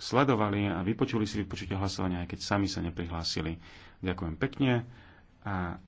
sledovali a vypočuli si vypočutie hlasovania, aj keď sami sa neprihlásili. Ďakujem pekne a